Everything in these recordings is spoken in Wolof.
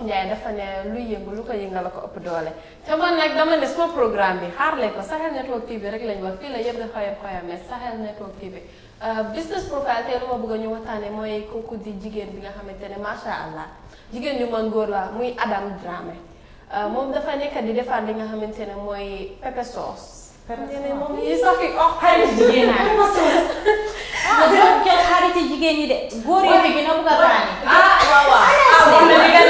Wolof Njaay dafa ne lu yëngu lu ko yëngal la ko ëpp doole te man nag dama ne suma programme bi xaar leen ko Sahel Network TV rek lañ wax fii la yëpp da xoyam xoyame Sahel Network TV euh, business profile te lu ma bëgg a ñu waxtaanee mooy kooku di jigéen bi nga xamante ne macha allah jigéen ñu mën góor la muy Adam Dramé euh, moom dafa nekk di defar li nga xamante ne mooy pepper sauce. ne moom yi safi ox xarit jigéen ñi ah góor yi fi gën a a tànn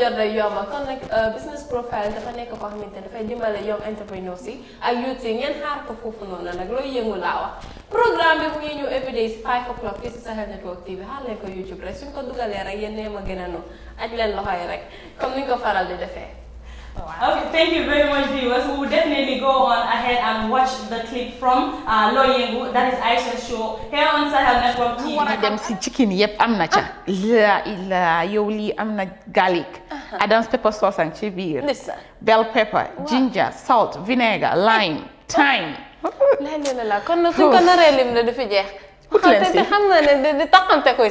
jot rek yomb kon nag euh, business profile dafa nekk koo xamante ne dafay dimbale yow entrepreneur si ak youth si ngeen xaar ko foofu noonu nag looy yëngu wax programme bi mu ngi ñëw everyday si 5 o'clock fii si Sahel Network TV xaar leen ko YouTube rek suñ ko dugalee rek yéen nee ma gën a nu aj leen loxo yi rek comme ni ko faral di defee. waaw ok thank you ahead and watch the clip uh, that is Aisha show here Network TV. dem si chicken yëpp am na ca. la la yow lii am na garlic. Uh-huh. Adam's pepper sauce ak ci biir. bell pepper ginger salt vinegar lime thyme. la la la kon nag suñ ko naree lim pour leen si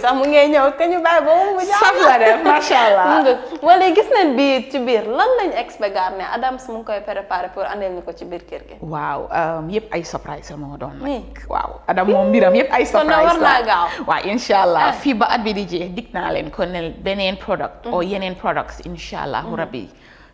xam mu ngay ñëw te ñu bàyyi ba mu jaaxal saf la def macha allah. wala gis nañ bi ci biir lan lañu expecté ne Adams mu koy préparé pour andeel ñu ko ci biir kër gi. waaw um, yëpp ay surprise la moo doon nag. waaw Adam mbiram yëpp ay. surprise la war naa gaaw. waaw incha allah eh. fii ba at bi di jeex dig naa leen ko ne beneen product. o mm-hmm. yeneen products incha allah rabbi.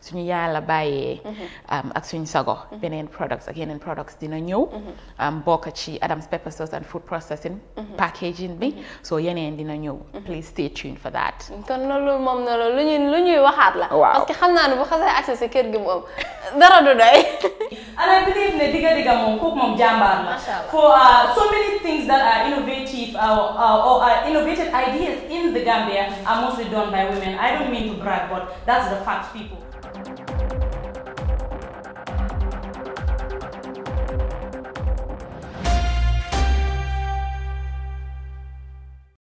suñu yàlla bàyyee. Mm-hmm. Um, ak suñu sago. Mm-hmm. beneen products ak yeneen products dina ñëw. Mm-hmm. Um, bokk ci Adams Pepper Sauce and food processing. packaging bi so yeneen dina ñëw. please stay tuned for that. kon loolu moom na lu ñuy waxaat la. waaw parce que xam naa ne bu xasee accès si kër gi moom dara du doy. And I believe Nediga Diga Mongkok Jamba for uh, so many things that are innovative uh, uh, or uh, innovative ideas in the Gambia are mostly done by women. I don't mean to brag, but that's the fact, people.